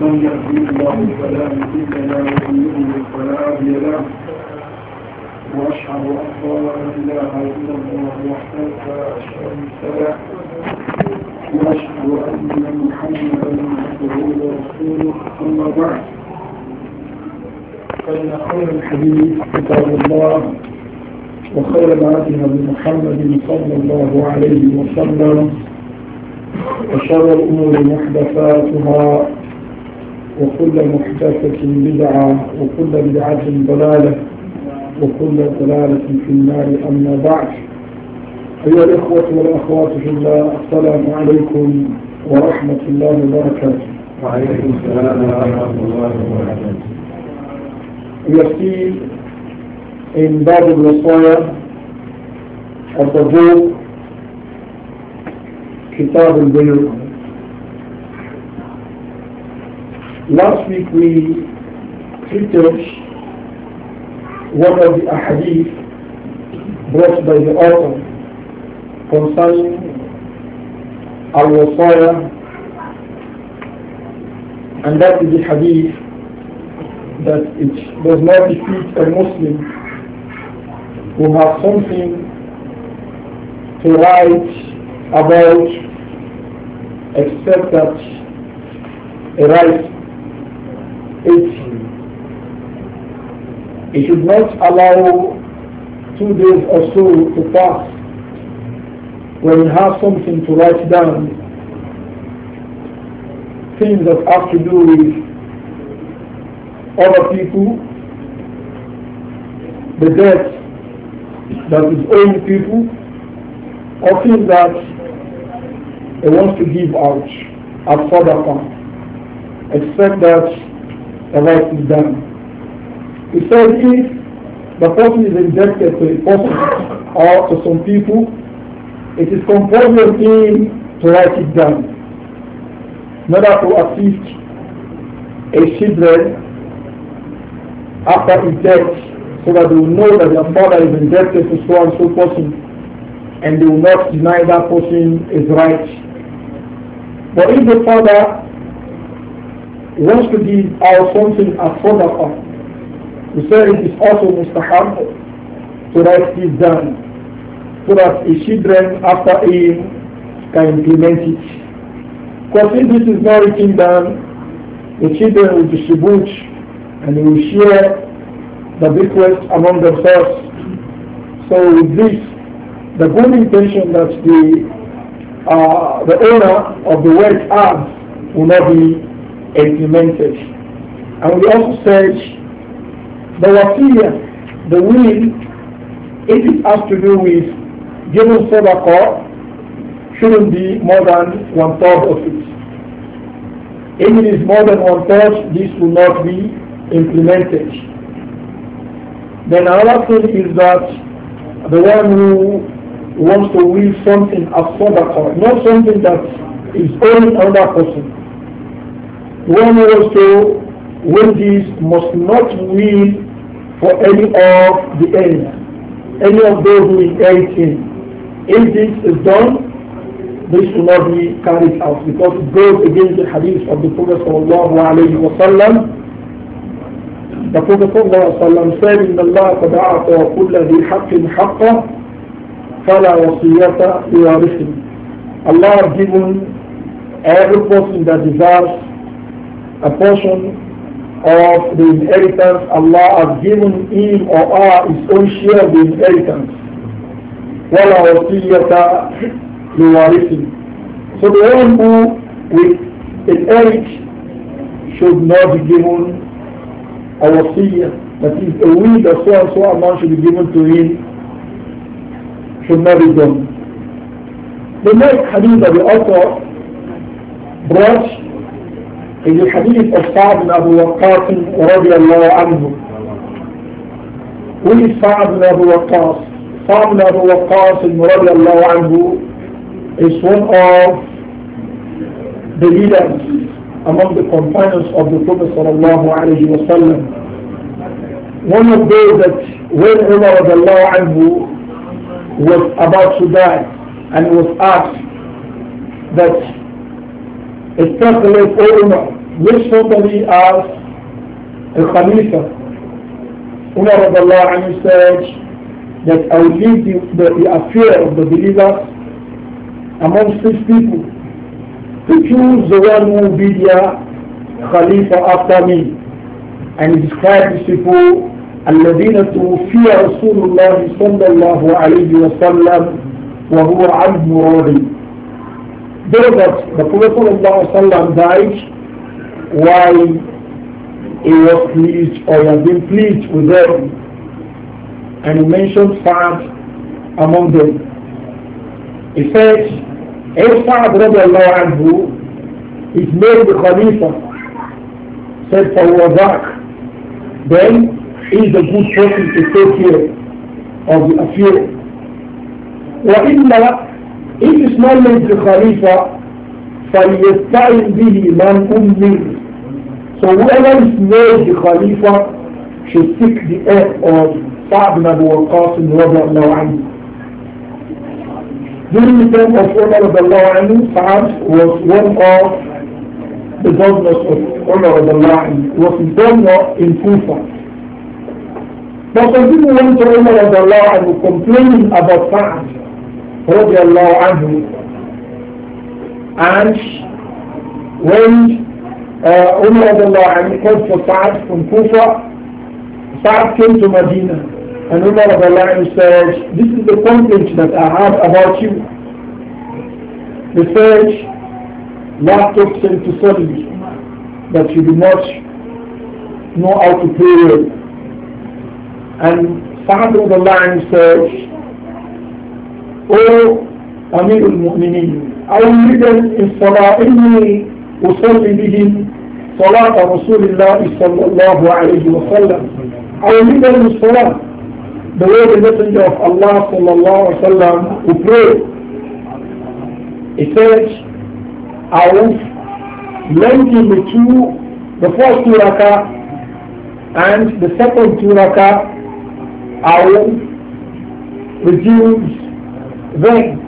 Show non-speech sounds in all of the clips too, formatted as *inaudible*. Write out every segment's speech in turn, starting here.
من يهدي الله فلا مضل له ومن يضلل فلا هادي له واشهد ان لا اله الا الله وحده لا شريك له واشهد ان محمدا عبده ورسوله اما بعد فان خير الحديث كتاب الله وخير بعثنا بمحمد صلى الله عليه وسلم وشر الأمور محدثاتها وكل محدثة بدعة وكل بدعة ضلالة وكل ضلالة في النار أما بعد أيها الإخوة والأخوات في الله السلام عليكم ورحمة الله وبركاته وعليكم السلام ورحمة الله وبركاته We in باب الوصايا of the book كتاب البيوع Last week we treated one of the ahadith brought by the author concerning al-wasaya and that is the hadith that it does not defeat a Muslim who have something to write about except that a right it it should not allow two days or so to pass when you have something to write down things that have to do with other people the death that is only people or that he wants to give out further sadaqah except that the right is done. He said if the person is indebted to a person or to some people, it is compulsory of him to write it down not to assist a children after his death so that they will know that their father is indebted to so and so person and they will not deny that person is right. But if the father wants to give out something as sadaqah, we say it is also mustahab to write this down so that his children after him can implement it. Because if this is not written down, the children will distribute and they will share the bequest among themselves. So with this, the good intention that the uh, the owner of the wealth has will not be implemented. And we also said the wasiyah, the will, if it has to do with giving sadaqah, shouldn't be more than one third of it. If it is more than one third, this will not be implemented. Then another thing is that the one who wants to will something as sadaqah, not something that is only another person. The one who wants to will this must not will for any of the end, any of those who inherit him. If this is done, this will not be carried out because it goes against the hadith of the Prophet sallallahu alayhi wa sallam the Prophet ﷺ said, إن الله قد أعطى ذي حق حقه فلا وصية لوارثه. Allah has given every person that deserves a portion of the inheritance. Allah has given him or her his own share of the inheritance. ولا وصية لوارثه. So the one who will inherit should not be given a wasiyah, that is a will that so and so amount should be given to him, should not be done. The next hadith that the author brought is the hadith of Saad ibn Abu Waqqas radiallahu anhu. Who is Sa'd bin Abu Waqqas? Saad ibn Abu Waqqas radiallahu anhu is one of the leaders among the companions of the Prophet sallallahu One of those that when Umar anhu was about to die and was asked that especially O Umar, which somebody as a Khalifa, Umar anhu said that I will leave the, the, the affair of the believers among six people to choose the one who will be their Khalifa after me. And he described these people, الذين توفي رسول الله صلى الله عليه وسلم وهو عنه راضي. Those that the Prophet صلى الله عليه وسلم died while he was pleased or he had been pleased with them. And he mentioned Sa'ad among them. He said, If Sa'ad radiallahu anhu is made the Khalifa, said Fawwazak, then he is a good person to take care of the affair. وإلا if it's not made the Khalifa, فليستعن به من أمه So whoever is made the Khalifa should seek the aid of Sa'ad ibn Abu Waqas radiallahu anhu. During the time of Umar of Saad was one of the governors of Umar of Allah, was governor in Kufa. But some people went to Umar of Allah and were complaining about Sa'ad, radiallahu anhu. And when uh, Umar of Allah called for Sa'ad from Kufa, Sa'ad came to Medina. And Umar of Allah says, this is the complaint that I have about you. The They said, to toxin to suddenly that you do not know how to pray well. And Sa'ad of Allah said, Oh, أمير المؤمنين أولا إن صلاة إني أصلي بهم صلاة رسول الله صلى الله عليه وسلم أولا الصلاة the way the Messenger of Allah sallallahu alaihi wasallam would pray. He said, I will lend you the two, the first two rakah and the second two rakah, I will reduce them.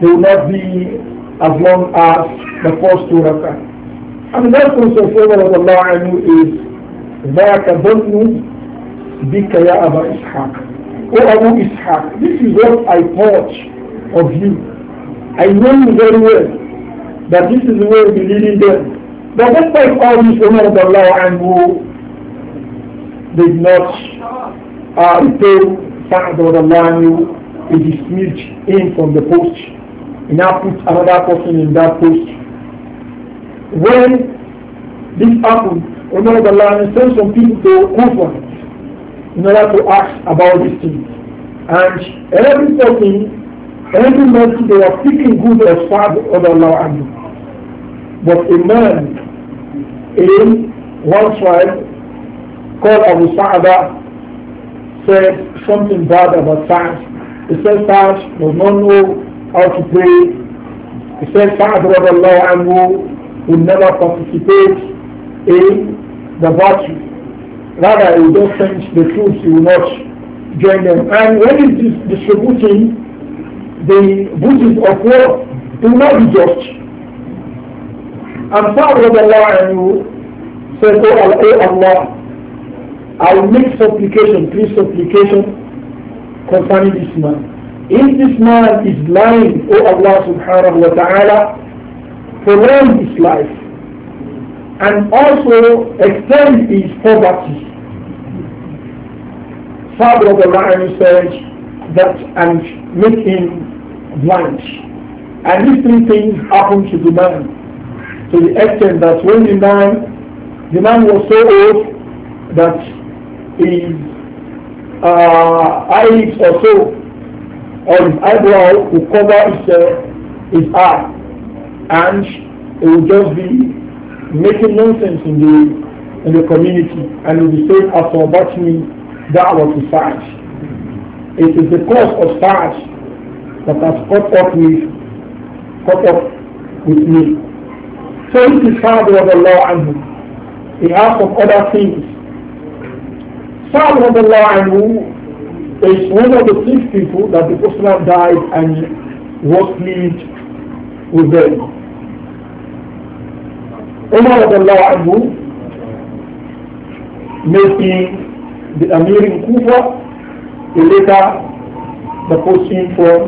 They will not be as long as the first two rakah. And that also favor of Allah is ذاك ظن بك يا أبا إسحاق Abu Ishaq, this is what I thought of you. I know you very well that this is the way of leading them. But despite all this, Umar of Allah and who did not uh, repel Sa'ad of Allah and he dismissed him from the post. He now put another person in that post. When this happened, Umar of Allah sent some people to Kufa in order to ask about these things. And every person, every month they were speaking good or bad of Allah and But a man in one tribe called Abu Sa'ada said something bad about Sa'ad. He said Sa'ad does not know how to pray. He said Sa'ad radiallahu anhu will never participate in the virtue Rather, he will not send the troops, he will not join them. And when it is distributing the booty of war, do will not be just. And Sa'ad radiallahu say, Oh Allah, I will make supplication, please supplication concerning this man. If this man is lying, O oh Allah subhanahu wa ta'ala, prolong his life and also extend his poverty. Father of the Lion says that and make him blind. And these three things happened to the man to the extent that when the man, the man was so old that his uh, eyes or so, or his eyebrow would cover his, uh, his eye and it would just be making nonsense in the in the community and will be saying after about that was the fact. It is the cause of Sa'aj that has caught up with caught up with me. So it is father of Allah and He has of other things. Father of Allah and is one of the six people that the Prophet died and was pleased with them. Umar anhu made him the Amir in Kufa, and later the posting for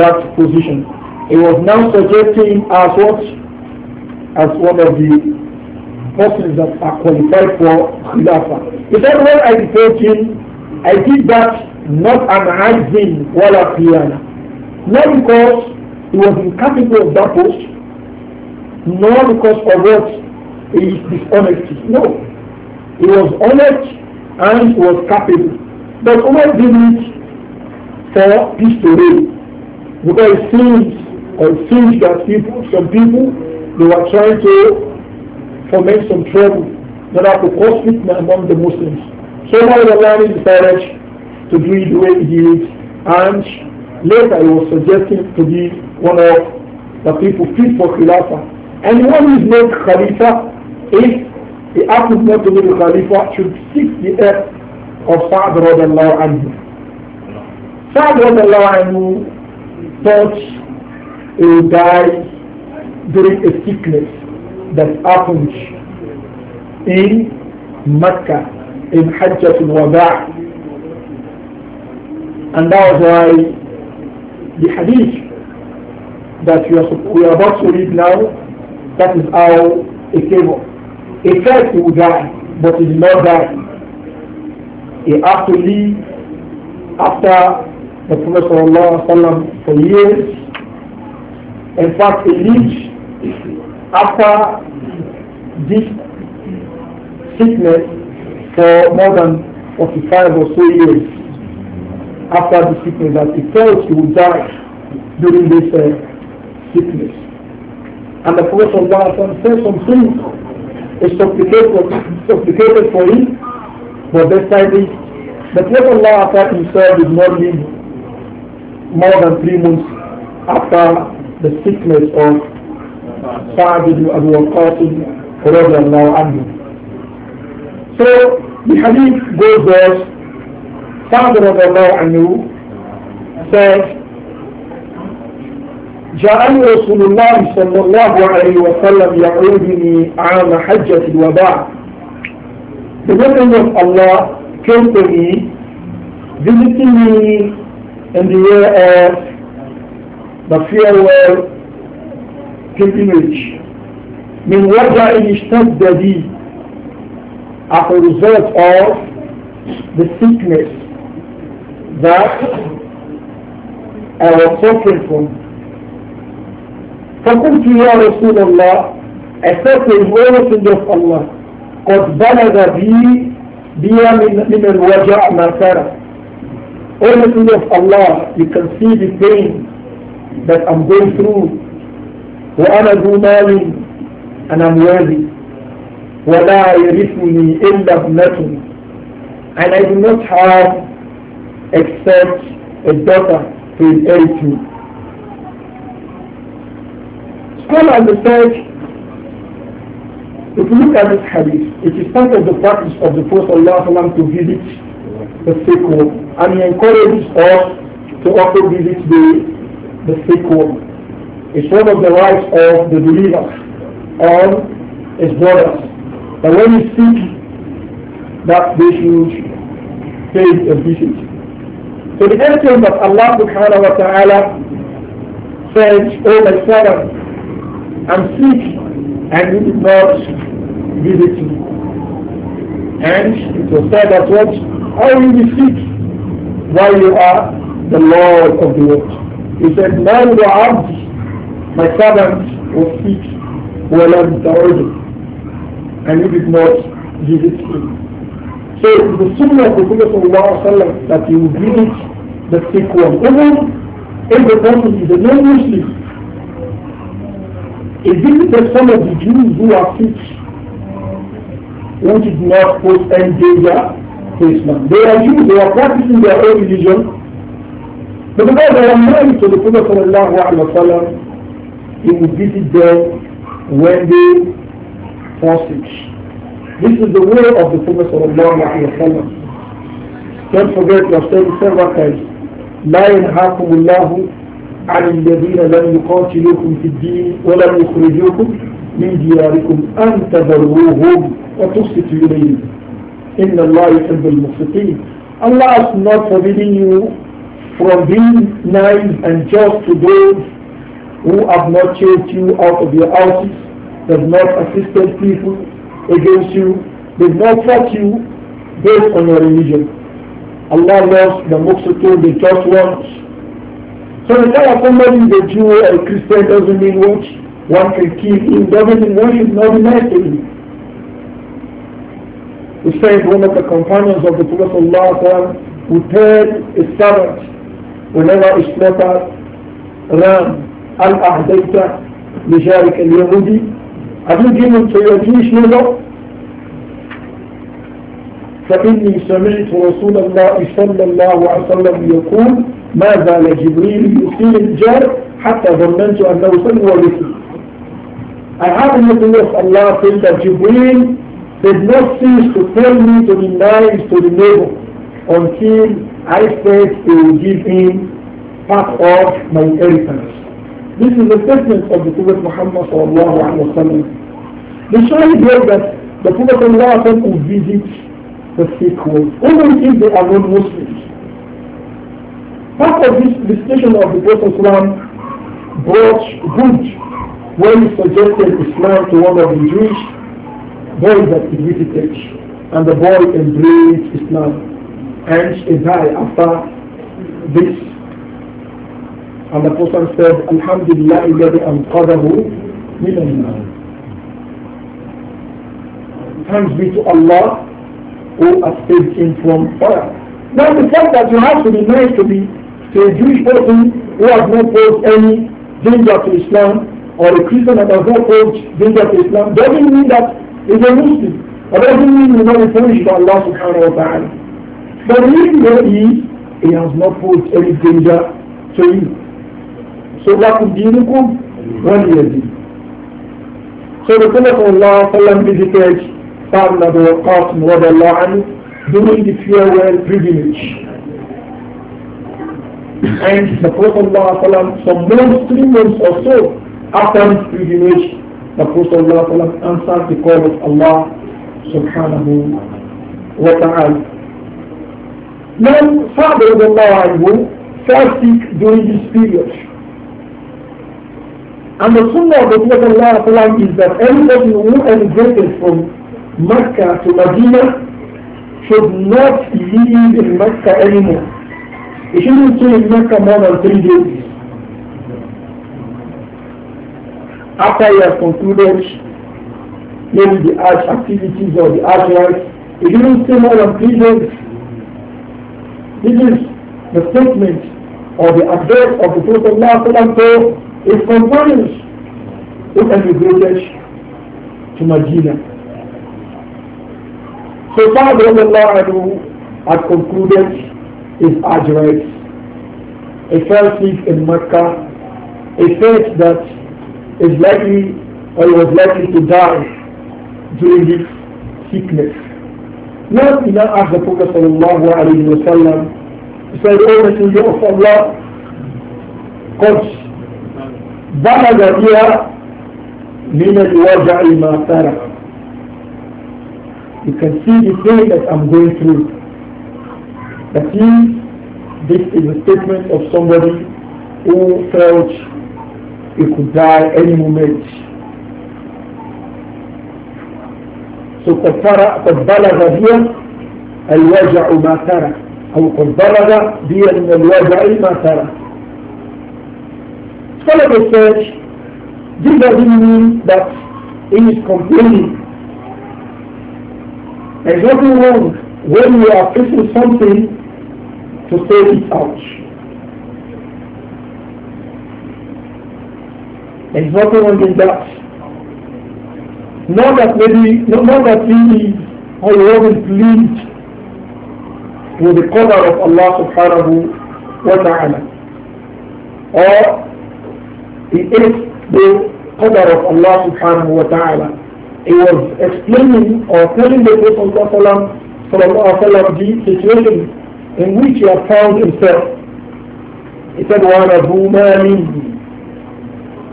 that position. He was now suggesting as what? As one of the persons that are qualified for Khilafah. He said, when I report him, I did that not an azim wala qiyana. Not because he was incapable of that post, not because of what is dishonesty. No. He was honest and he was capable. But Umar did it for peace to Because it seems, or it seems that people, some people, they were trying to foment some trouble that are to cause fitna among the Muslims. So Umar decided to do it the way he did and later he was suggested to be one of the people fit for Khilafah and one who is made Khalifa, if he happens not to be the Khalifa, should seek the help of Sa'd radiallahu anhu. Sa'd radiallahu anhu thought he would die during a sickness that happened in Mecca, in Hajj al-Wada' and that was why the hadith that we are, we are about to read now that is how a came. A first he will die, but he did not die. He has to live after the Prophet ﷺ for years. In fact, he lived after this sickness for more than 45 or so years after the sickness that he felt he would die during this uh, sickness. And the Prophet ﷺ said some things. He supplicated for him, but this this, the Prophet Allah himself did not live more than three months after the sickness of Sa'd ibn Abu Waqqas radiallahu anhu. So the hadith goes thus, of Allah radiallahu anhu says, جاءني رسول الله صلى الله عليه وسلم يعودني عام حجة الوداع The Messenger of Allah came to me, visiting me in the year of the farewell pilgrimage. من وجع اشتد بي as a result of the sickness that I was suffering from فقلت يا رسول الله أستسلم ورسول الله قد بلغ بي بي من, من الوجع ما ترى Ornament of Allah, you can see the pain that I'm going through. وأنا ذو مال and I'm wealthy. ولا يرثني إلا ابنته and I do not have except a daughter to inherit me and visit. if you look at this hadith, it is part of the practice of the Prophet ﷺ to visit the sick home, and he encourages us to also visit the, the sick home. It's one of the rights of the believer on his brothers. But when you seek that they should pay a visit. So the essence that Allah subhanahu wa ta'ala said, O oh my servant, I'm sick and he did not visit me. And it was said that what? How will be sick while you are the Lord of the world. He said, Now you are my servant was sick while I was And you did not visit him. So the sunnah of the Prophet Sallallahu that you visit the sick one. Even if the person is a non-Muslim, is it that some of the Jews who are sick, who did not put any danger to Islam? They are Jews, they are practicing their own religion. But because they are married to the Prophet Sallallahu Alaihi Wasallam, he will visit them when they force it. This is the will of the Prophet Sallallahu Alaihi Wasallam. Don't forget, you have said several times, half of Allah. عن الذين لم يقاتلوكم في الدين ولم يخرجوكم من دياركم أن تبروهم وتقسطوا إليهم إن الله يحب المقسطين Allah is not forbidding you from being nice and just to those who have not chased you out of your houses, have not assisted people against you, they've not fought you based on your religion. Allah loves the Muqsitun, the just ones, so the fact that somebody is a Jew or a Christian doesn't mean what one can keep it, doesn't mean one should not be nice to him. He said one of the companions of the Prophet Allah who paid a servant whenever he slaughtered ram, al-ahdaita, لجارك اليهودي, have you given to your Jewish neighbor? فإني سمعت رسول الله صلى الله عليه وسلم يقول ماذا لجبريل يصير يثير الجار حتى ظننت أنه سلم به I have in the of Allah said that Jibreel did not cease to tell me to be nice to the neighbor until I said to give him part of my inheritance. This is the statement of the Prophet Muhammad sallallahu alaihi wasallam. The Shahid wrote that the Prophet Allah will visit the fiqh with, even if they are not Muslims. Part of this discussion of the Prophet brought good when he suggested Islam to one of the Jewish boys that he visited, and the boy embraced Islam and he died after this. And the Prophet said, Alhamdulillah, الذي أنقذه من النار. Thanks be to Allah who are saved from fire. Now the fact that you have to be married to be to a Jewish person who has not posed any danger to Islam or a Christian that has not posed danger to Islam doesn't mean that he's a Muslim. That doesn't mean you're not punished by Allah subhanahu wa ta'ala. But even though he, he has not posed any danger to you. So that would be one year. So the Prophet of Allah visited Sa'd ibn Waqqas during the farewell pilgrimage. And the Prophet some months, three months or so after his pilgrimage, the Prophet answered the call of Allah subhanahu wa ta'ala. Now Sa'd anhu fell sick during this period. And the sunnah of the Prophet is that any person who emigrated from Mecca to Medina should not leave in Mecca anymore. He shouldn't stay in Mecca more than three days. After he has concluded maybe the arch activities or the arch rites, he shouldn't stay more than three days. This is the statement or the advice of the Prophet to his companions who emigrated to Medina. So Sa'ad had concluded his address. He fell sick in Mecca. He said felt that is likely or he was likely to die during his sickness. Now he now asked the Prophet sallallahu alayhi wa sallam, he said, O oh, Messenger of Allah, قد بلغ بها من الوجع ما ترك you can see the pain that I'm going through. That means this is a statement of somebody who felt he could die any moment. So قد بلغ بي الوجع ما ترى أو قد بلغ بي من الوجع ما ترى. Scholar research, this doesn't mean that he is complaining it's not wrong when you are facing something to say it out. There's nothing wrong in that. Not that maybe, not, not that he or he wasn't pleased with the cover of Allah subhanahu wa ta'ala. Or he ate the cover of Allah subhanahu wa ta'ala. he was explaining or telling the Prophet ﷺ the situation in which he had found himself. He said, "One وَأَنَبُوا مَالِهِ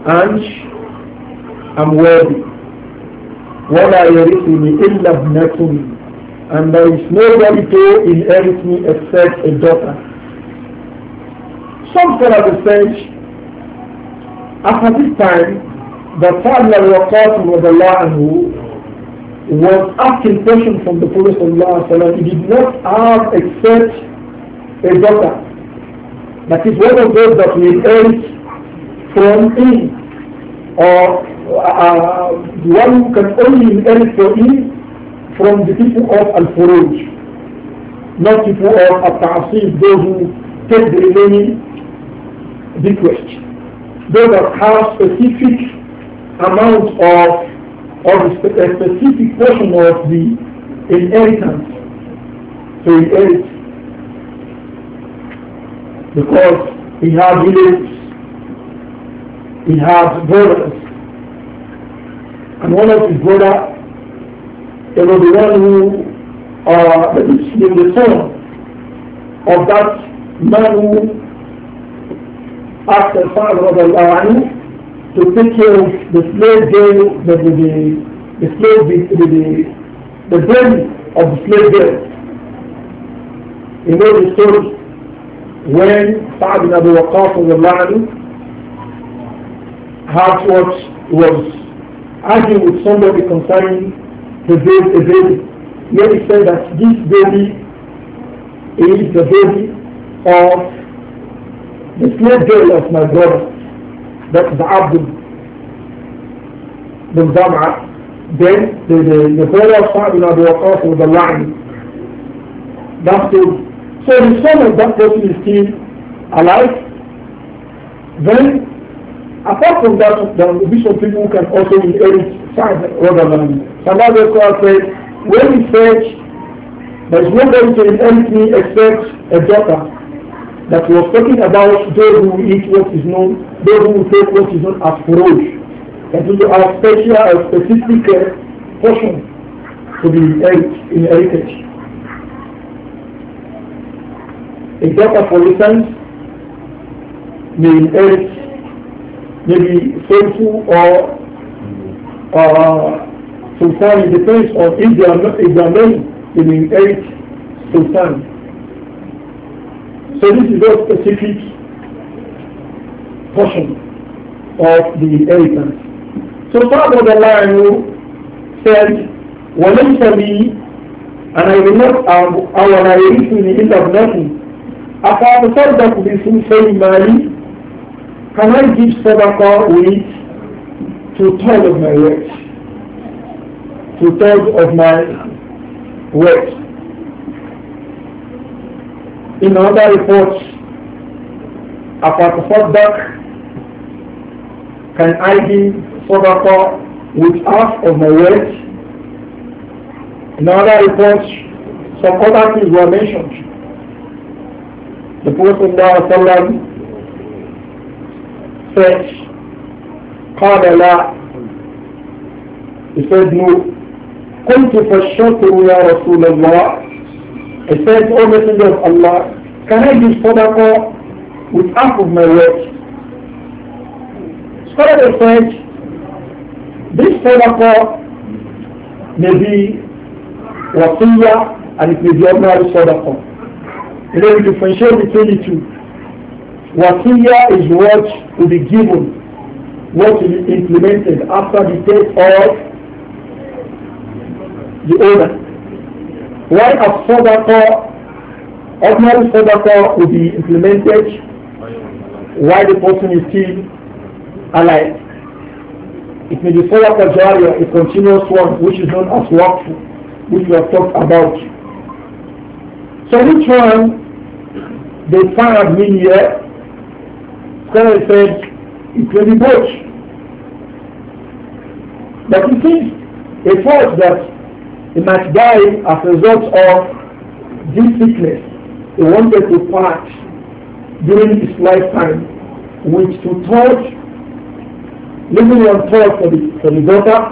And I'm worthy. What وَلَا يَرِثُنِي إِلَّا ابْنَةٌ And there is nobody to inherit me except a daughter. Some scholars said, after this time, the Sa'd al-Waqasim was asking questions from the Prophet ﷺ. He did not have except a daughter. That is one of those that we inherit from him. Or uh, uh, the one who can only inherit from him from the people of Al-Furuj. Not people of Al-Ta'asif, those who take the remaining bequest. Those are have specific amount of or a specific portion of the inheritance to inherit because he had relatives, he had brothers, and one of his brother, it was the one who uh, is the son of that man who asked the father of Allah to take care of the slave girl, the, the, the, the slave, the, the, the of the slave girl. You know the story when Sa'd bin Abu Waqqas had what was arguing with somebody concerning the baby, the baby. Here he said that this baby is the baby of the slave girl of my brother that Abdul bin Zam'a, then the, the, the brother of Sa'd bin Abu Waqqas was a lion. That's it. So the son of that person is still alive. Then, apart from that, there will be some people who can also inherit sa rather than Salah said, when he said, there is nobody to inherit me except a daughter that was talking about those who eat what is known, those who take what is known as food, that is a special, a specific uh, portion to be ate, inherited. A daughter, for instance, may inherit maybe soulful or uh, sultan, it depends on if they are, not, if they are men, they may inherit so this is very specific portion of the inheritance. So Father the Lion said, وَلَيْسَ لِي and I will not have our narration in the end of nothing. After the fact that we soon say Mali, can I give Sadaqah with two thirds of my wealth? Two thirds of my wealth in other another report, أفتصدق can I be صدقة with half of my wealth? In other reports, some other things were mentioned. The Prophet said, قال لا He said no. كنت فالشكر يا رسول الله he says, O Messenger of Allah, can I give sadaqah with half of my wealth? Scholar said, this sadaqah may be wasiyah and it may be ordinary sadaqah. You know, we differentiate between the two. Wasiyah is what will be given, what will be implemented after the death of the owner. Why a sadaqah, ordinary sadaqah will be implemented while the person is still alive. It may be sadaqah jariyah, a continuous one, which is known as waqf, which we have talked about. So which one they find me here? Scholars said it can be both. But it is a fact that he might die as a result of this sickness he wanted to fight during his lifetime, which to touch, leaving one thought for the, for the daughter,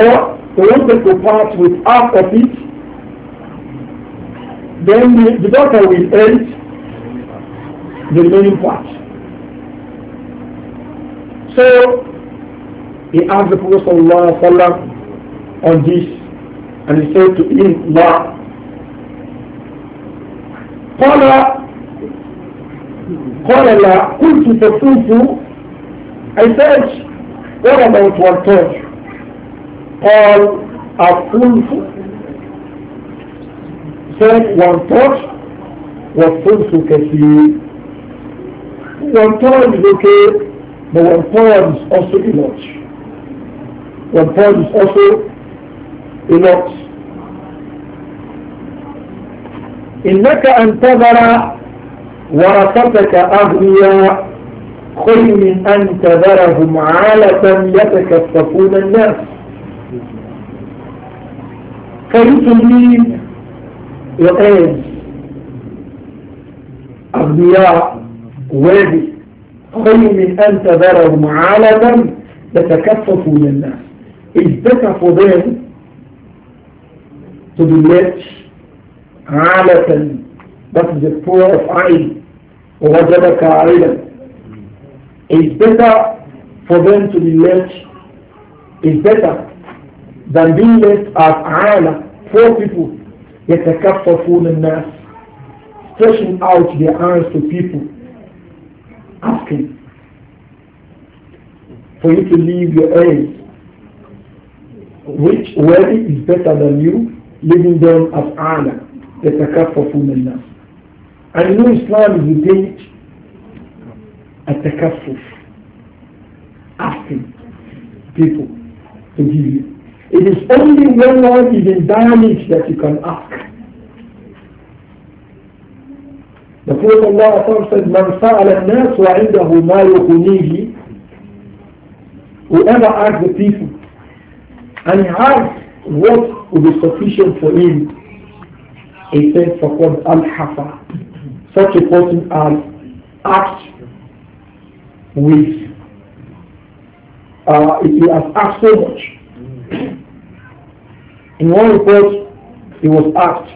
or he wanted to part with half of it, then the, the daughter will end the remaining part. So, he asked the Prophet Sallallahu Alaihi on this and he said to him, La. قال قال لا قلت تفوت I said what about one one third قال الثلث said one touch, one third والثلث كثير one third is okay but one third is also a lot one third is also الوقت إنك أن تذر ورثتك أغنياء خل من أن تذرهم عالة يتكففون الناس Can you believe أغنياء وادي خل من أن تذرهم عالة يتكففون الناس إذ تكفوا ذلك to be left عالة but the poor of عين ووجدك عائلا it's better for them to be left it's better than being left as عالة poor people a cup يتكففون الناس stretching out their hands to people asking for you to leave your ends which way is better than you leaving them as أعلى يتكففون الناس and no Islam is within of asking people to give you it is only when one is in damage that you can ask The Prophet Allah said, Man sa'ala nas wa indahu ma Whoever asks the people, and he has what will be sufficient for him He said, "For what al-hafa. Such a person as asked with, uh, he has asked so much. In one report, he was asked,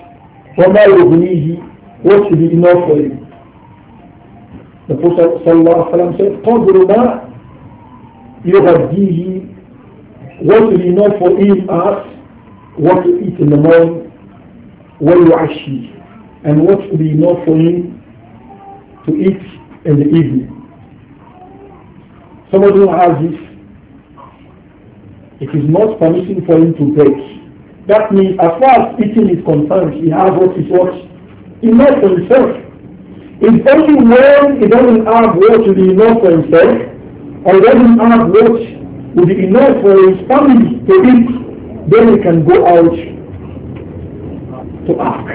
وَمَا يُغْنِيهِ What should be enough for him? The Prophet said, قَدْرُ you What should be enough for him as what to eat in the morning, what you actually, and what to be enough for him to eat in the evening. Somebody who has this, it is not permission for him to break. That means as far as eating is concerned, he has what is what enough for himself. If only when he doesn't have what to be enough for himself, or doesn't have what would be enough for his family to eat then we can go out to ask.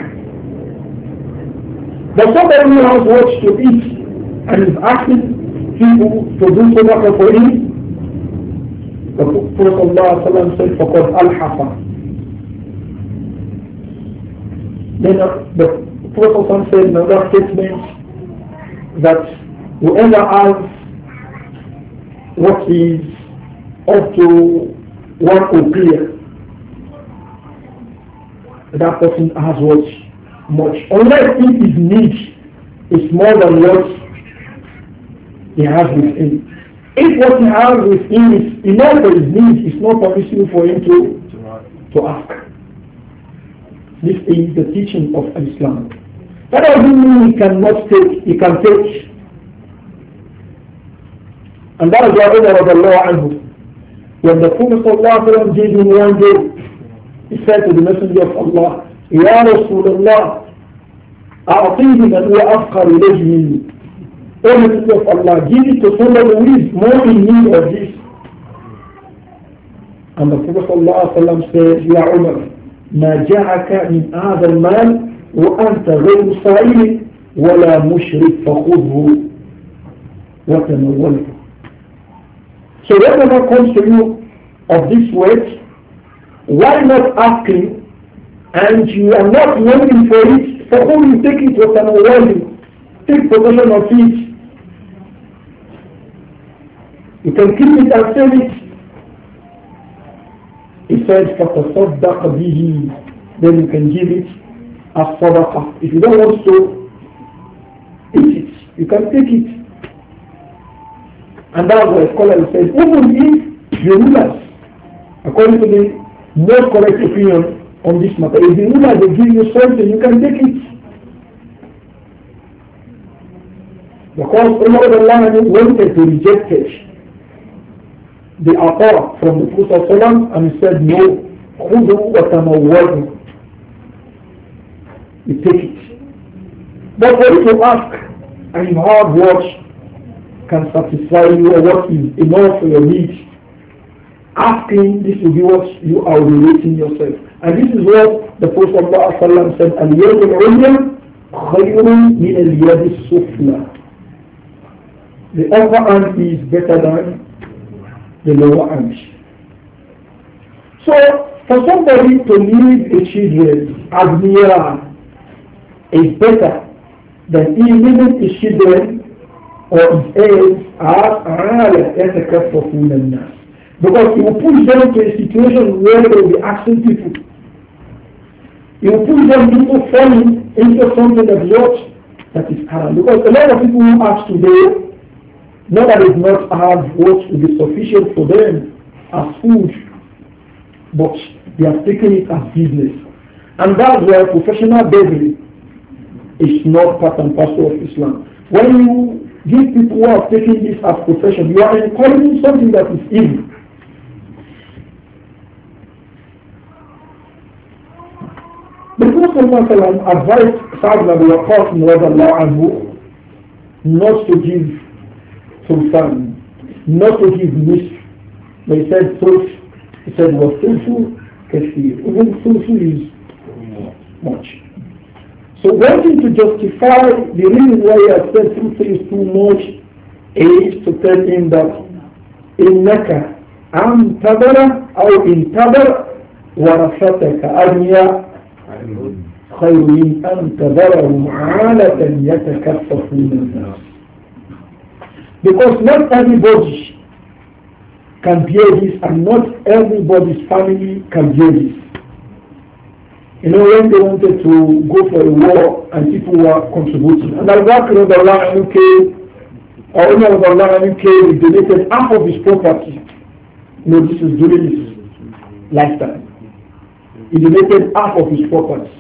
But somebody who has what to eat and is asking people to do sadaqah for him, the Prophet Allah said, al أَلْحَفَ Then uh, the Prophet said another statement that whoever has what is up to one be that person has what much. Unless if his need is more than what he has within. If what he has within is enough for his needs, it's not permissible for him to, to ask. This is the teaching of Islam. That doesn't mean he cannot take, he can take. And that is why Umar radiallahu anhu, when the Prophet gave him one day He said to the Messenger of Allah, Ya Rasulullah, أعطيه من هو أفقر إليه. O Messenger of Allah, give it to مني who is more in need of this. And the Prophet said, Ya Umar, ما جاءك من هذا المال وأنت غير صائم ولا مشرك فخذه وتموله. So whatever comes to you of this wealth, Why not asking and you are not waiting for it? For whom you take it was an already? Take possession of it. You can keep it and sell it. He said, فَتَصَدَّقَ بِهِ Then you can give it as sadaqah. If you don't want to eat it, you can take it. And that's why scholars say, even if the rulers, according to the no correct opinion on this matter. If the ruler they give you something, you can take it. Because Umar ibn wanted to reject it, the aqar from the Prophet and he said, no, who do what I'm tamawwadu. You take it. But for you to ask, and you hard what can satisfy you or what is enough for your needs, asking, this will be what you are relating yourself. And this is what the Prophet said, Al-Yad al-Ulya khayrun min al-Yad al-Sufla. The upper hand is better than the lower hand. So, for somebody to lead a children as Mira is better than he a children or his aides as Arala يتكففون الناس. Because it will push them to a situation where they will be asking people. It will push them into falling into something that is not that is haram. Because a lot of people who ask today, know that it's not hard what will be sufficient for them as food, but they are taking it as business. And that's why professional begging is not part and parcel of Islam. When you give people who are taking this as profession, you are encouraging something that is evil. The Prophet ﷺ advised Sa'd ibn Abi Waqqas anhu not to give sultan, not to give mish. They said sulf, he said was sulfu Even sulfu is much. So wanting to justify the reason why I said sulfu is too much is to tell him that in Mecca, am tabara or in tabar warasataka adniya خير أن يتكففون Because not everybody can bear this and not everybody's family can bear this. You know, when they wanted to go for a war and people were contributing. And Al-Bakr of Allah and came, or Umar of Allah and came, donated half of his property. You know, this is during his lifetime he donated half of his property.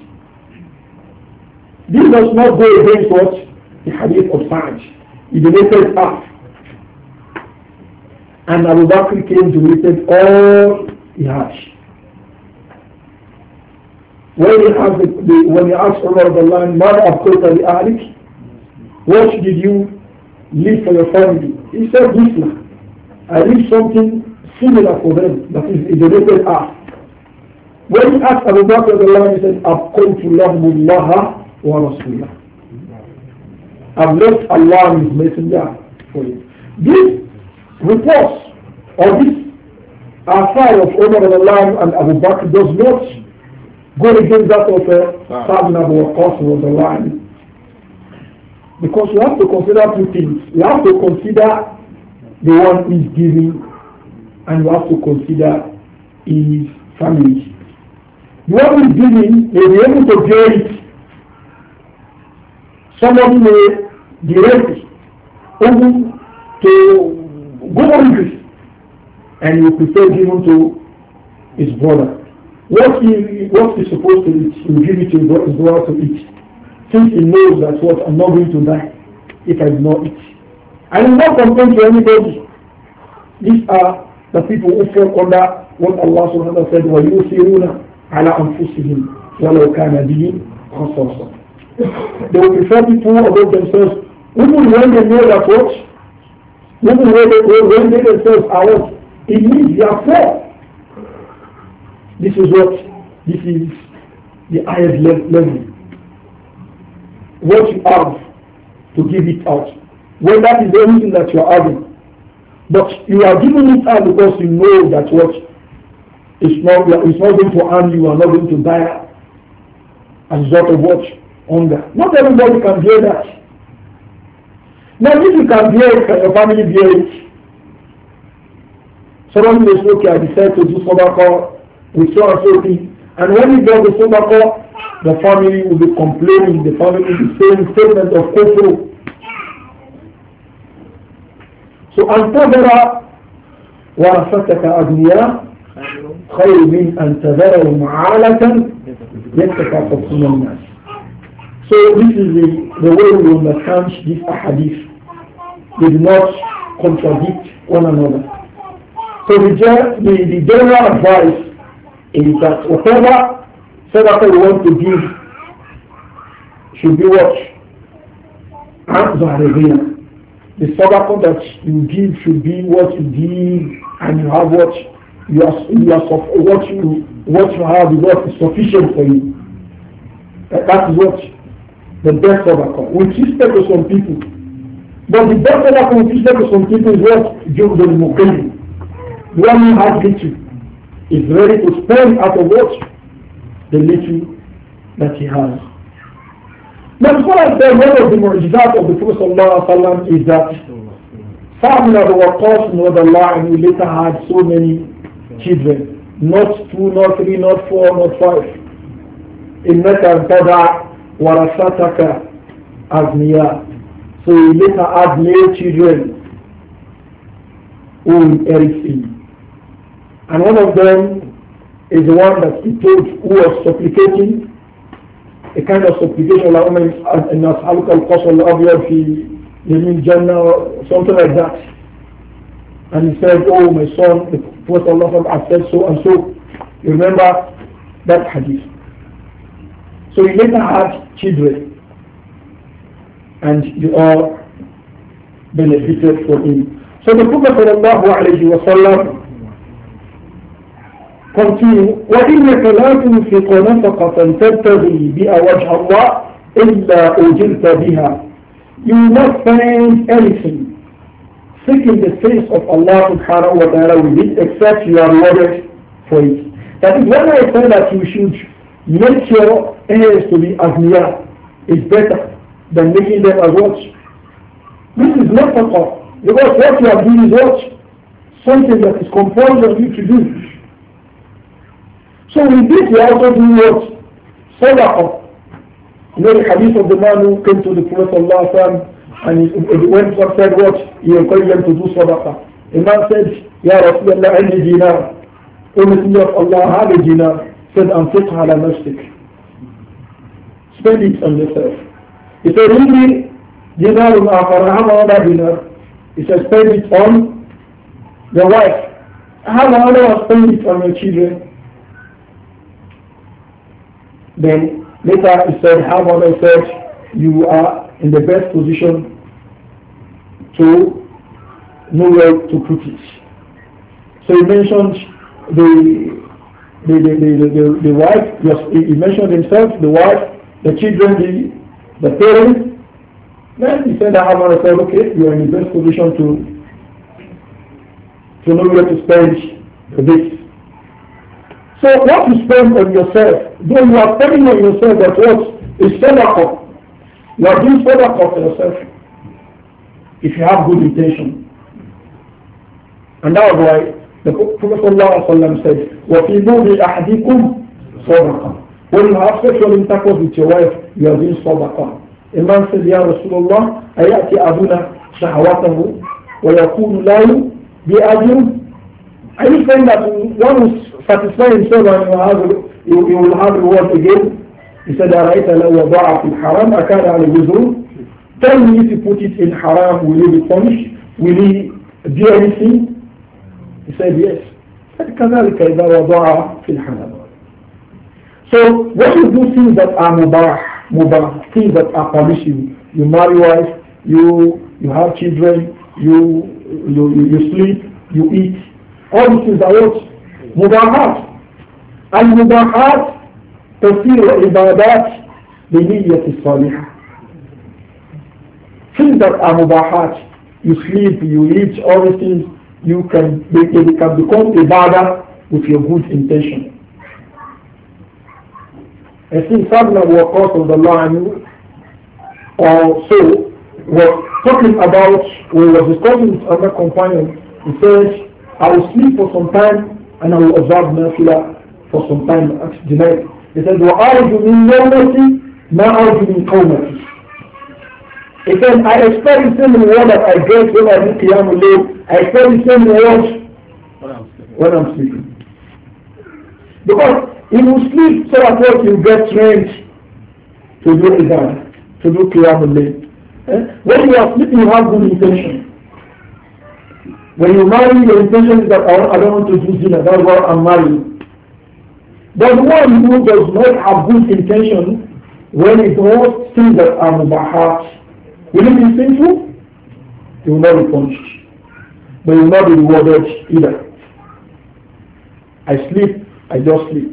This does not go against what the hadith of Sa'd. He donated half. And Abu Bakr came donated all he had. When he asked, the, the, when he asked Umar the land, Mother of Kota the Alik, what did you leave for your family? He said, Islam. I leave something similar for them, that is a donated half. When he ask Abu Bakr, he said, love لهم لَهُمُ اللَّهَ وَرَسُولَهُ I've left Allah and His Messenger for you. This report or this affair of Umar and Abu Bakr does not go against that of uh, ah. Sa'd ibn the line, because you have to consider two things. You have to consider the one who is giving and you have to consider his family. What is giving may be able to bear it. Somebody may direct over to good English and you prefer giving to his brother. What he what he supposed to eat, he give it to his brother to eat. Since he knows that what I'm not going to die if I do not eat. I will not complain to anybody. These are the people who fall under what Allah subhanahu wa ta'ala said, wa yusiruna. على أنفسهم ولو كان بهم خصاصة They will prefer people above themselves even when they know that what even when they, when they themselves are what it means they are this is what this is the highest level what you have to give it out when that is the reason that you are having but you are giving it out because you know that what it's not, it's not going to harm you, you are not going to die as a result of what? Hunger. Not everybody can bear that. Now if you can bear it, can your family bear it? Someone may say, okay, I decided to do sobacor with so and so thing. And when you does the sobacor, the family will be complaining, the family will be saying statement of kufru. So, أن تذر ورثتك أغنياء خير من أن تذرهم عالة الناس So this is the, the way we understand this hadith. They do not contradict one another. So the, the, the general advice is that whatever sadaqah you want to give should be what? The sadaqah that you give should be what you give and you have what you are, you are what you what you have is what is sufficient for you. That is what the best overcome. With respect to some people. But the best overcome with respect to some people is what Job the Mukeli. The one who has little is ready to spend out of what the little that he has. Now, what I said, one of the mu'jizat of the Prophet Sallallahu Alaihi Wasallam is that Sa'ad ibn Abi he later had so many children. Not two, not three, not four, not five. إِنَّكَ تَدَعْ وَرَسَتَكَ أَغْنِيَاءَ So he later had male children who will And one of them is the one that he told who was supplicating a kind of supplication like in As'aluka al-Qasr al-Abyad fi Yamin Jannah or something like that and he said, Oh, my son, the Prophet Allah said so and so. You remember that hadith. So he later had children, and they all benefited from him. So the Prophet Allah. continued, وَإِنَّكَ لَا تُنْفِقُ نَفَقَةً تَبْتَغِي بِهَا وَجْهَ اللَّهِ إِلَّا أُجِرْتَ بِهَا You will not find anything seeking the face of Allah subhanahu wa ta'ala with it except you are rewarded for it. That is when I say that you should make your heirs to be as near is better than making them as what? This is not at all. Because what you are doing is what? Something that is compulsory of you to do. So with this we also doing what? Sadaqah. You know the hadith of the man who came to the Prophet Allah and when God said what? He encouraged them to do sadaqah. A man said, Ya Rasulullah, need dinar. O Messenger of Allah, have a dinar. Said, and take ala nafsik. Spend it on yourself. He said, Really, dinar have another dinar. He said, spend it on your wife. Have another one spend it on your children. Then later he said, have another said, you are in the best position to know where to put it. So he mentioned the the, the, the, the, the wife, yes, he mentioned himself, the wife, the children, the, the parents. Then he said, "I to say. okay, you are in the best position to, to know where to spend this. So what you spend on yourself, though you are telling on yourself that what is sadaqah, you are doing sadaqah for yourself if you have good intention. And that was why the Prophet ﷺ said, وَفِي نُورِ أَحْدِكُمْ صَدَقًا When you have sexual intercourse with your wife, you are doing sadaqah. A man says, يا رسول الله أيأتي wa شهواته ويكون له بأجر Are you saying that one who satisfies himself and you will have, to you will have reward again? He said, أَرَيْتَ لَوْ وَضَعَ فِي haram. أَكَانَ عَلَى الْوُزُرُ Tell me if you put it in haram, will you be punished? Will he do anything? He said, yes. كذلك إذا وضع في الحلال. So what you do things that are mubah, mubah, things that are permissible. You marry wife, you you have children, you you, you sleep, you eat. All these things are what? Mubahat. And mubahat the عبادات بنية الصالحة Things that are mubahat, you sleep, you eat, all these things, you can, they, they can become ibadah with your good intention. I think Sabna Waqas of the line also was talking about, we were discussing with another companion, he says, I will sleep for some time and I will observe Nafila for some time at the night. He said, وَأَرْجُ مِنْ يَوْمَتِي I أَرْجُ مِنْ قَوْمَتِي He said, I expect the same reward that I get when I do Qiyam al I expect the same reward when I'm sleeping. Because if you sleep so that what you get trained to do Idan, to do Qiyam al eh? When you are sleeping, you have good intention. When you marry, your intention is that oh, I don't want to do dinner, that's why I'm marrying. But one who does not have good intention when it was things that are in the heart, will he be sinful? He will not be punished. But he will not be rewarded either. I sleep, I just sleep.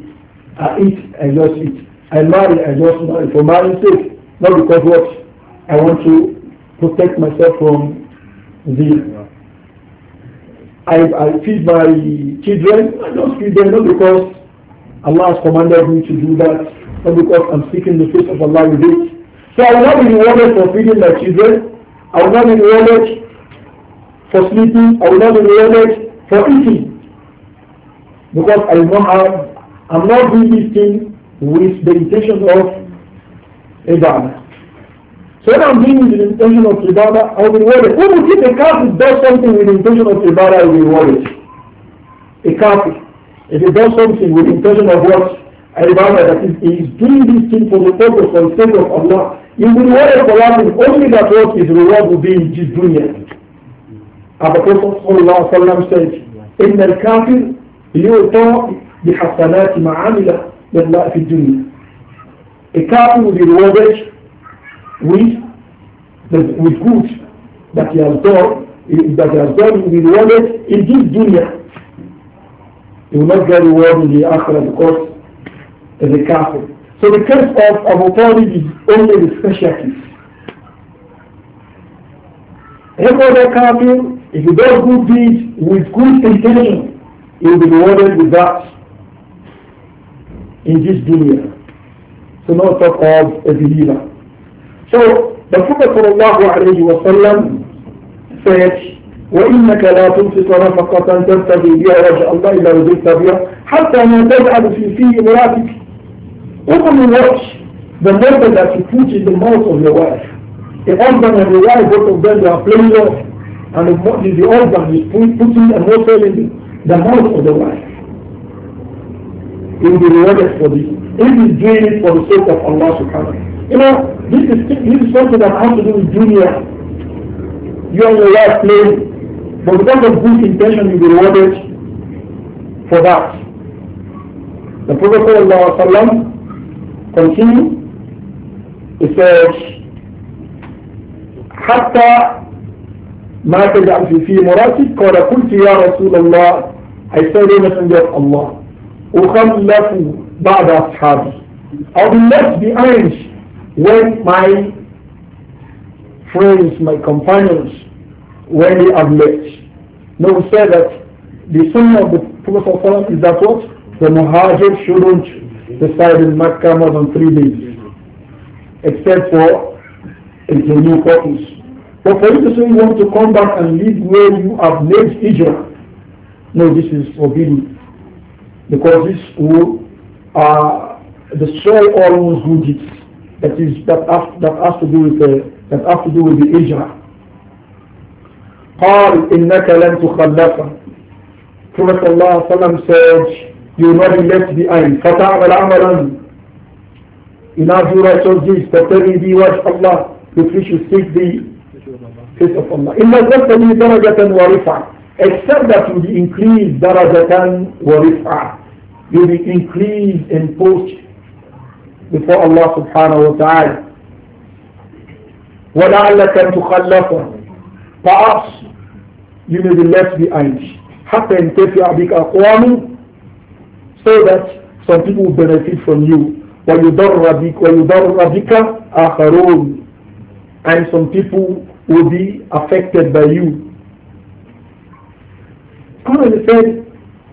I eat, I just eat. I marry, I just marry for marriage sake. Not because what I want to protect myself from the I, I feed my children, I just feed them not because Allah has commanded me to do that, not because I'm seeking the face of Allah with it. So I will not be rewarded for feeding my children. I will not be rewarded for sleeping. I will not be rewarded for eating. Because I I'm not doing this thing with the intention of ibadah. So when I'm doing with the intention of ibadah, I will be rewarded. Who would think a kafir does something with the intention of ibadah, I will be rewarded? A kafir. If he does something with intention of what? Ibadah, that is, he is doing this thing for the purpose the sake of Allah, he will reward for laughing only that what his reward will be in this dunya. And the Prophet ﷺ said, إِنَّ الْكَافِرِ يُؤْتَى بِحَسَنَاتِ مَعَامِلَ لِلَّهِ فِي الدُّنْيَا A kafir will be rewarded with, the, with good that he has done, that he has done will be rewarded in this dunya. He will not get reward in the akhirah because of the kafir. So the curse of Abu Talib is only the special case. Every other kafir, if he does good deeds with good intention, he will be rewarded with that in this dunya. So not talk of a believer. So the Prophet sallallahu alayhi wa sallam said, وإنك لا تنفق نفقة تبتغي بها وجه الله إلا رزقت بها حتى ما تجعل في في مراتك open الوحش watch the murder that you put in the mouth of your wife the husband and the wife both of them they are playing off and the, the man is putting a morsel in the mouth of the wife he will be rewarded for this if he's doing it for the sake of Allah subhanahu wa you know this is, this is something that has to do with dunya you and your wife playing But because of good intention, you'll be rewarded for that. The Prophet ﷺ continued, he says, حتى ما تجعل في مراتب قال قلت يا رسول الله I said O Messenger of Allah أخلف بعد أصحابي I'll be left behind when my friends, my companions when they have left. Now we say that the sunnah of the Prophet is that what? The Muhajir shouldn't reside in Mecca more than three days, except for a new couples. But for you to say you want to come back and live where you have made Egypt, no, this is forbidden. Because this will uh, destroy all who did. That is that has, that has to do with the, uh, that has to do with the Hijrah. قال إنك لن تخلفه ثم صلى الله عليه وسلم سيج يُنَرِي لَكْ بِأَيْنِ فَتَعْمَلْ عَمَلًا إِلَى جُرَةٌ جِيسَ تَبْتَرِي بِي وَجْحَ اللَّهِ يُفْرِشُ السِّدِّي Face of Allah. إِنَّا زَلْتَنِي دَرَجَةً وَرِفَعًا Except that you be دَرَجَةً وَرِفَعًا You be increased in post before Allah subhanahu wa ta'ala. تُخَلَّفُهُ Perhaps you may be left behind. Happen take your big so that some people will benefit from you. don't rabika, آخَرُونَ And some people will be affected by you. Quran said,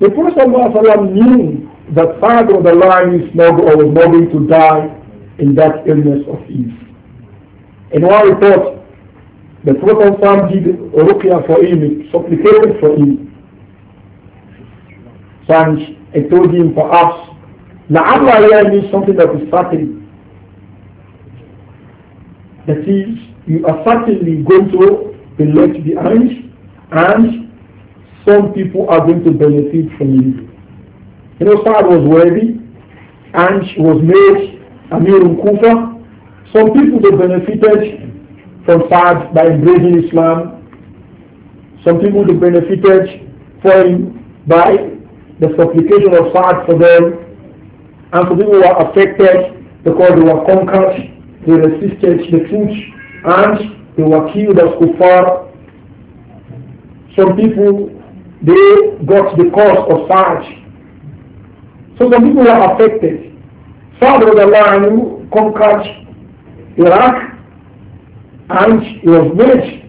the Prophet ﷺ knew that father of the lion is not or was not going to die in that illness of his. In one report, the Prophet Sam did ruqya for him, supplicated for him. and I told him perhaps, لعل here means something that is certain. That is, you are certainly going to be left behind and some people are going to benefit from you. You know, Saad was worthy and was made Amir Kufa. Some people they benefited from part by embracing Islam. Some people who benefited from by the supplication of sa for them. And some people were affected because they were conquered, they resisted the truth, and they were killed as kuffar. Some people, they got the cause of sa So some people were affected. sa of was the one who conquered Iraq and he was made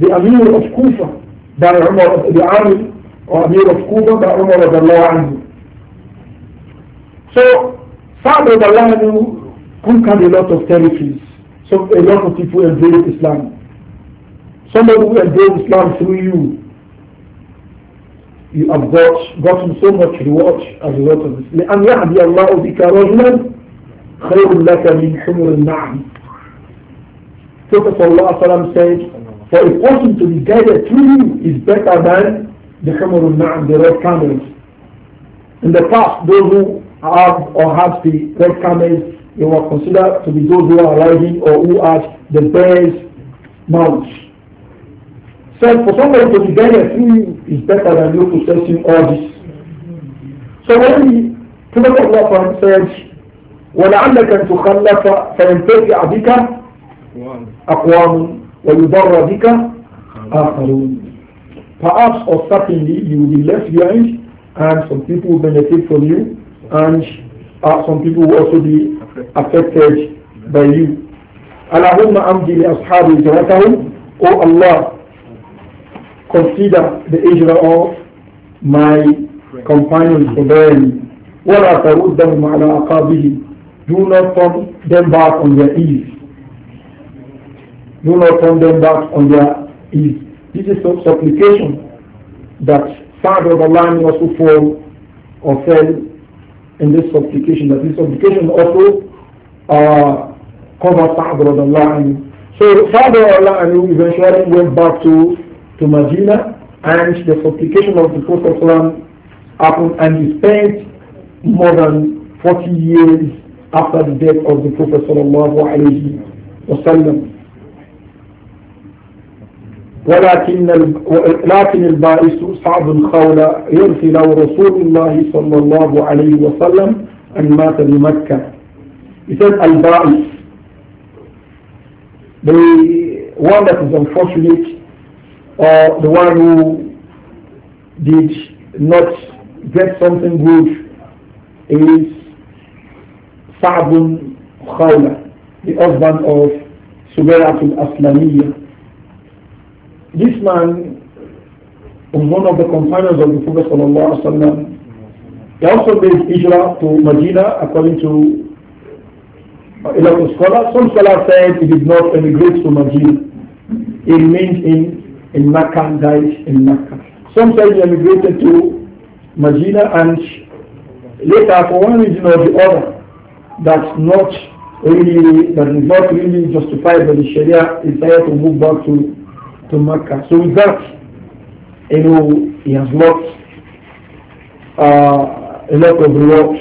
the Amir of Kufa by Umar, of the army or Amir of Kufa by Umar of radiallahu anhu. So of Sa'd radiallahu conquered a lot of territories. So a lot of people embraced Islam. Somebody who embraced Islam through you, you have got, gotten so much reward as a result of this. لأن يَعْدِيَ الله بك رجلا خير لك من حمر النعم Prophet ﷺ said, for a person to be guided through you is better than the Hamarun Na'am, the red camels. In the past, those who have or have the red camels, they were considered to be those who are riding or who are the best mounts. So for somebody to be guided through you is better than you possessing all this. So when the Prophet said, وَلَعَلَّكَ أَن تُخَلَّفَ فَيَنْتَفِعَ بِكَ أقوام ويضر بك آخرون Perhaps or certainly you will be left behind and some people will benefit from you and uh, some people will also be affected by you. اللهم أمضي لأصحابي جرتهم O Allah, consider the issue of my companions for them. ولا تردهم على Do not turn them back on their ease do not turn them back on their ease. This is a supplication that Father of of Allah also fall or fell in this supplication. That this supplication also uh, covers of the of Allah. So Father of of Allah eventually went back to, to Medina and the supplication of the Prophet happened and he spent more than 40 years after the death of the Prophet sallallahu Alaihi Wasallam. ولكن لكن البائس صعب الخول يرثي له رسول الله صلى الله عليه وسلم أن مات بمكة He said al the one that is unfortunate or the one who did not get something good is Sa'bun Khawla the husband of Subayat al-Aslamiyah This man was one of the companions of the Prophet sallallahu alaihi wasallam. He also made hijrah to Medina according to a lot of scholars. Some scholars said he did not emigrate to Medina. He remained in, in Mecca and died in Mecca. Some said he emigrated to Medina and later for one reason or the other that's not really, that is not really justified by the Sharia, he decided to move back to to Mecca. So with that, you know, he has lost uh, a lot of rewards.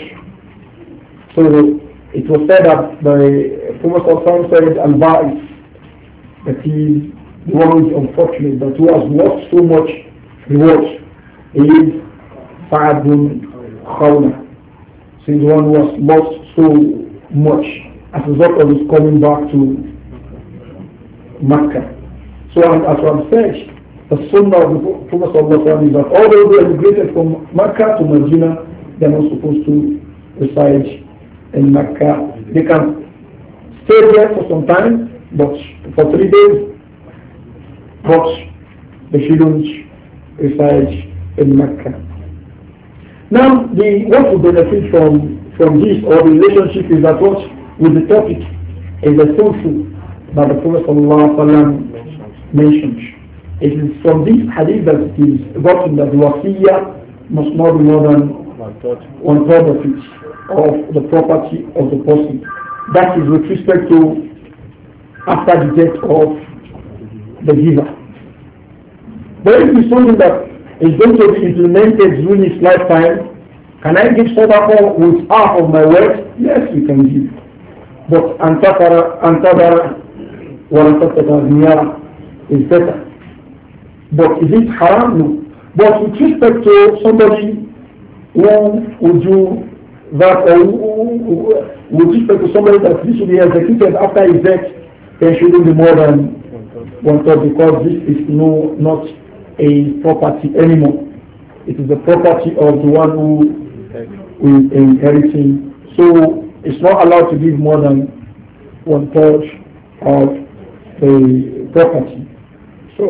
So it was said that the Prophet Sallallahu said, Al-Ba'is, that he the one who is unfortunate, that who has lost so much reward, is Ba'adun Khawna. So he's the one who has lost so much as a result of his coming back to Makkah. So as am said, the sunnah of the Prophet Wasallam is that although they migrated from Mecca to Medina, they are not supposed to reside in Mecca. They can stay there for some time, but for three days, but they shouldn't reside in Mecca. Now, the, what we benefit from, from this or the relationship is that what with the topic is the social that the Prophet mentioned. It is from this hadith that it is written that wasiyah must not be more than one third of it, of the property of the person. That is with respect to after the death of the giver. But if it's something that is going to be implemented during his lifetime, can I give sadaqah with half of my wealth? Yes, you can give. But antabara, antabara, wa antabara niyara is better. But is it haram? No. But with respect to somebody who would do that, uh, or who, with respect to somebody that this should be executed after his death, there shouldn't be more than one third because this is no not a property anymore. It is the property of the one who is inheriting. So it's not allowed to give more than one third of the property. So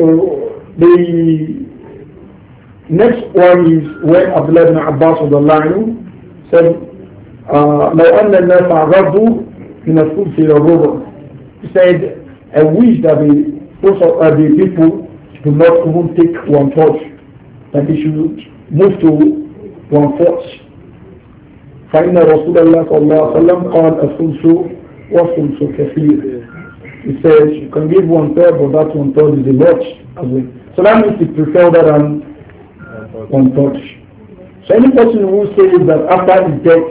the next one is when Abdullah ibn Abbas said, uh, لو أن الناس عرضوا من الخبز إلى الربع He said, I wish that the, uh, the people do not even take one touch, that they should move to one fourth. فإن رسول الله صلى الله عليه وسلم قال الخبز والخبز كثير he says you can give one third, but that one third is a lot as well. So that means he prefer that than uh, one third. So any person who says that after his death,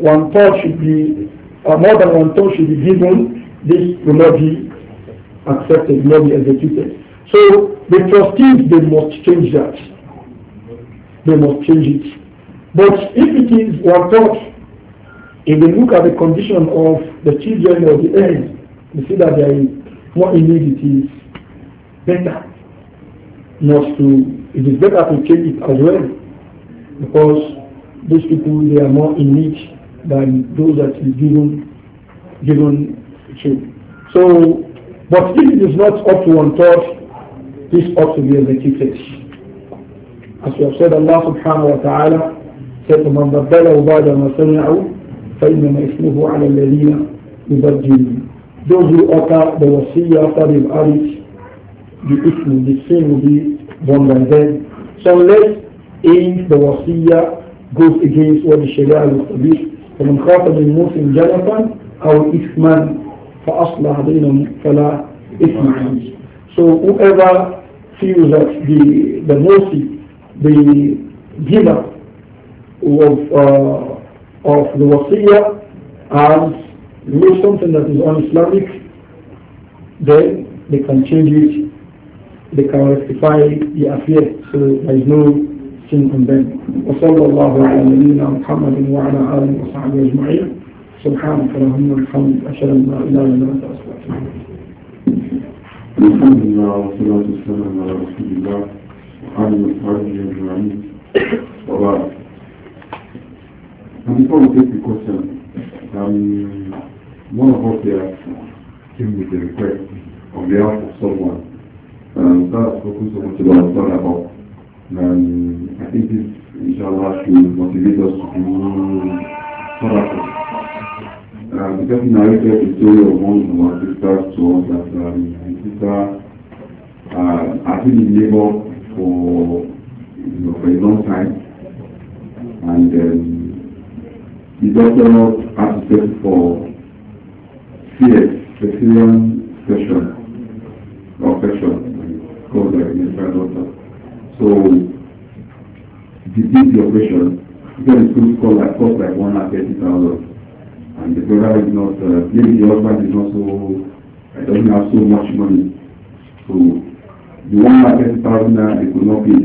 one third should be, or more than one third should be given, this will not be accepted, will not be executed. So the trustees, they must change that. They must change it. But if it is one third, if they look at the condition of the children of the heirs, you see that there is more in need; it is better not to it is better to take it as well because those people they are more in need than those that is given given to. So but if it is not up to one thought, this ought to be executed. As we have said Allah subhanahu wa ta'ala said to بدله بعد ما سمعوا فإنما إثمه على الذين those who utter the wasiyah after the marriage, the issue, the sin will be borne by them. So unless in the wasiyah goes against what the Sharia will established, فمن خاف من موسم جنفا أو إثما فأصلح بينهم فلا إثم عليه. So whoever feels that the the mercy, the giver of uh, of the wasiyah has do something that is un-Islamic, then they can change it, they can rectify the affair, so there is no sin on them. وصلى الله على نبينا محمد وعلى آله وصحبه أجمعين سبحانك اللهم الْحَمْدُ أشهد أن لا إله إلا أنت أستغفرك الحمد لله والصلاة والسلام على رسول الله وعلى وصحبه أجمعين وبعد And before we take the question, um, one of us here came with a request on behalf of someone um, that has spoken so much about Son about. And I think this, inshallah, should motivate us to do Sadaqah. Uh, because he narrated the story of one of our sisters to us that um, his sister uh, had been in labor for, you know, for a long time. And um, the doctor had to for CS, the Syrian session, or session, called the Unified Water. So, the did the operation, because the school called like, cost like 130,000. And the brother is not, uh, maybe the husband is not so, I don't have so much money. So, the 130,000 naira they could not pay.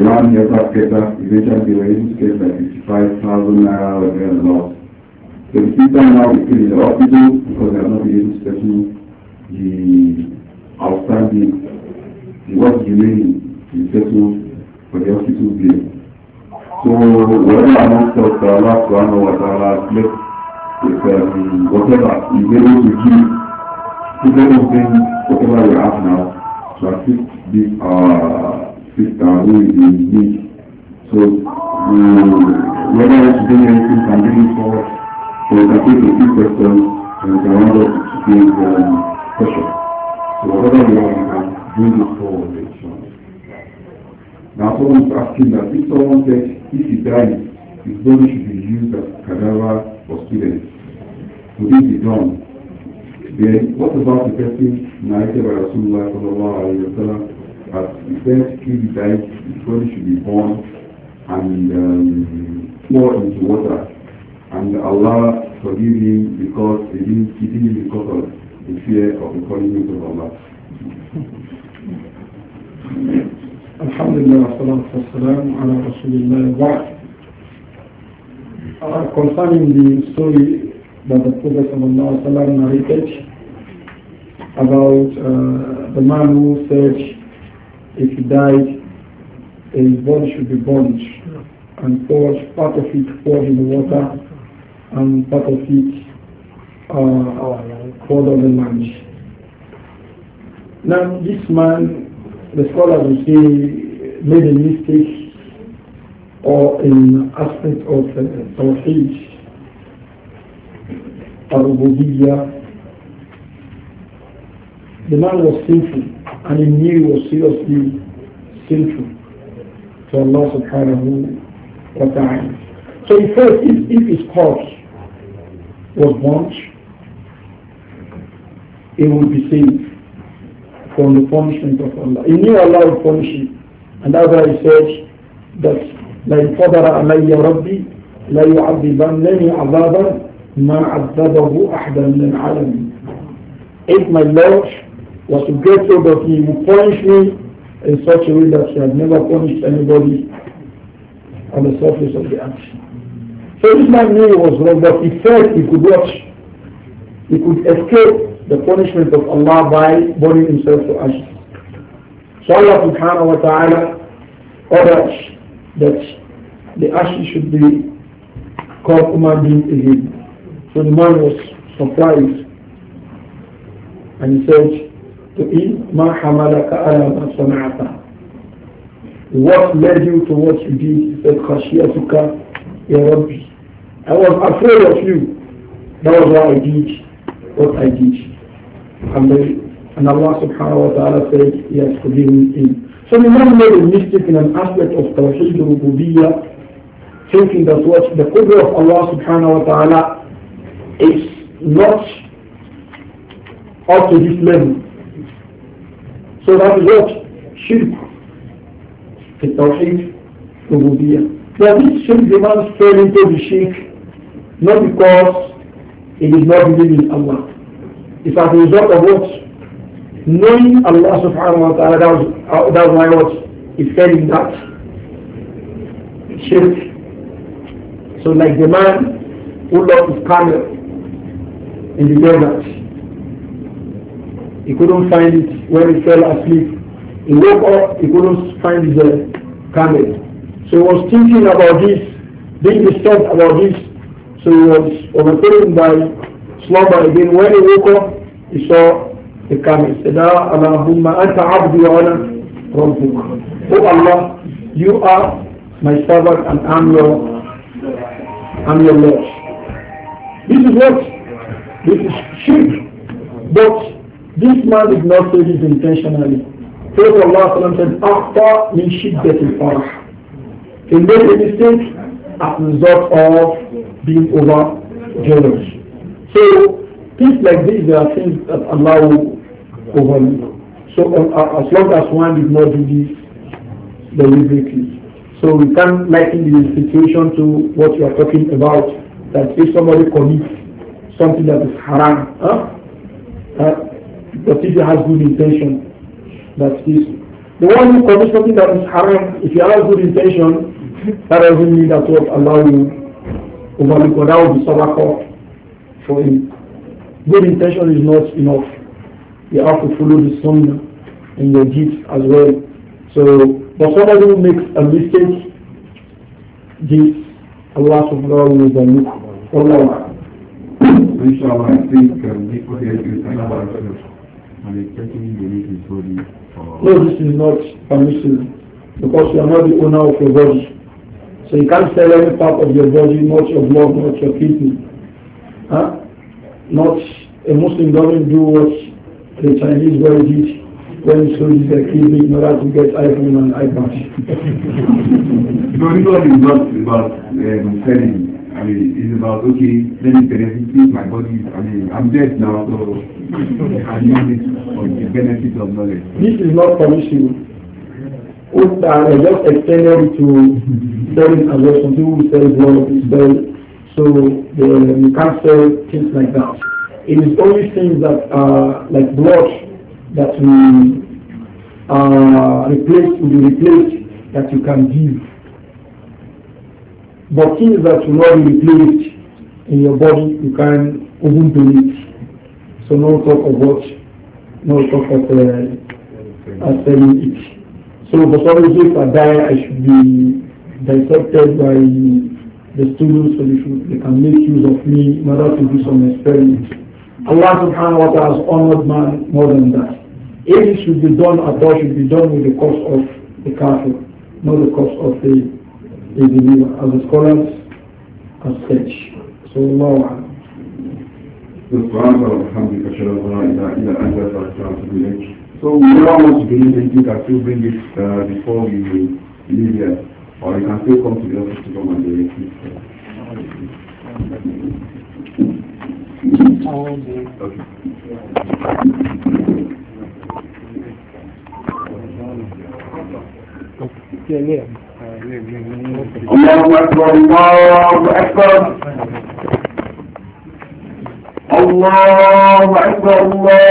Around the other eventually they were able to get like 55,000 naira, whatever, lost. But if you come now between the hospital, because they are not able to settle the outstanding, the what remaining is settled for the hospital bill. So whatever amount of the Allah subhanahu wa ta'ala has left, if um, whatever is able to give, to let us bring whatever we have now to assist this uh, sister who is in need. So uh, whether it's doing anything can bring it So if I take a few questions, and I round up to today's um, session. So whatever you want, you can do this for inshallah. Now someone is asking that if someone says if he dies, his body should be used as cadaver for students. So this is done. Then what about the person narrated by Rasulullah sallallahu alayhi wa sallam as he said if he dies, his body should be born and poured into water and Allah forgive him because he didn't, he did because of the fear of the punishment of Allah. الحمد لله والصلاة والسلام على رسول الله وبعد uh, Concerning the story that the Prophet ﷺ narrated about uh, the man who said if he died his body should be burned and poured part of it poured in the water and part of it uh, for the man. Now this man, the scholar will say, made a mistake or an aspect of uh, Tawheed, The man was sinful and he knew he was seriously sinful to Allah subhanahu wa ta'ala. So he said, if, if his was burnt, he would be saved from the punishment of Allah. He knew Allah would punish him. And that's why he says that لا قَدَرَ عَلَيَّ رَبِّي لا يعذبنني عذابا ما عذبه أحدا من العالمين If my Lord was to get hold of me, he would punish me in such a way that he had never punished anybody on the surface of the earth. So this man knew he was wrong, but he felt he could watch. He could escape the punishment of Allah by burning himself to ash. So Allah subhanahu wa ta'ala ordered that the ashes should be called human So the man was surprised and he said to him, مَا حَمَلَكَ عَلَى مَا What led you to what you did? He said, خَشِيَتُكَ يَا رَبِّي I was afraid of you. That was why I did what I did. And, and Allah subhanahu wa ta'ala said, He has forgiven him. So the man made a mistake in an aspect of Tawheed al thinking that what the Qudra of Allah subhanahu wa ta'ala is not up to this level. So that is what? Shirk. The Tawheed al-Rububiyyah. this shirk demands fell into the shirk not because he did not believe in Allah. It's as a result of what? Knowing Allah subhanahu wa ta'ala, that was, uh, that was my what? He fell in that shirk. So like the man who lost his camel in the desert. He couldn't find it when he fell asleep. He woke up, he couldn't find the camel. So he was thinking about this, being disturbed about this, so he was overtaken by slumber again. When he woke up, he saw the camel. He said, ah, Allahumma anta wa Oh Allah, you are my servant and I'm your, I'm your Lord. This is what? This is shirk. But this man did not say this intentionally. Prophet Allah said, Akhta min shiddat al He made a mistake as a result of being over generous, So things like these are things that allow overlook. So uh, uh, as long as one did not do this deliberately. So we can liken the situation to what you are talking about, that if somebody commits something that is haram, huh? Uh, but if he has good intention, that's this. The one who commits something that is haram, if he has good intention, that doesn't mean that what allow you over because that would be sadaqah for him. Good intention is not enough. You have to follow the sunnah in your deeds as well. So, but somebody who makes a mistake, this Allah subhanahu wa ta'ala Allah. Inshallah, I think um, this will help you about Allah and expecting you need his body. No, this is not permission because you are not the owner of your body. So you can't sell any part of your body, not your blood, not your kidney. Huh? Not a Muslim doesn't do what the Chinese boy did when he sold his kidney in order to get iPhone and iPad. so *laughs* ritual is not about um, selling. I mean, it's about okay, let me benefit my body. I mean, I'm dead now, so I use it for the benefit of knowledge. This is not permissible put down and just extended to selling and what some selling sell well sell. So the, um, you can't sell things like that. It is only things that are like blood that we uh, replace will be replaced that you can give. But things that will not be replaced in your body, you can even do it. So no talk of what, no talk of uh, selling it. So for some reason, if I die, I should be dissected by the students so they, should, they can make use of me in order to do some experiments. Allah subhanahu wa ta'ala has honored man more than that. If it should be done at all, should be done with the cost of the kafir, not the cost of the, the believer, as the scholars have said. So Allah سبحانك اللهم وبحمدك اشهد So we don't want to donate anything, you can still bring it uh, before you leave here. Or you can still come to the office to come and donate it. Okay. الله أكبر الله أكبر الله أكبر الله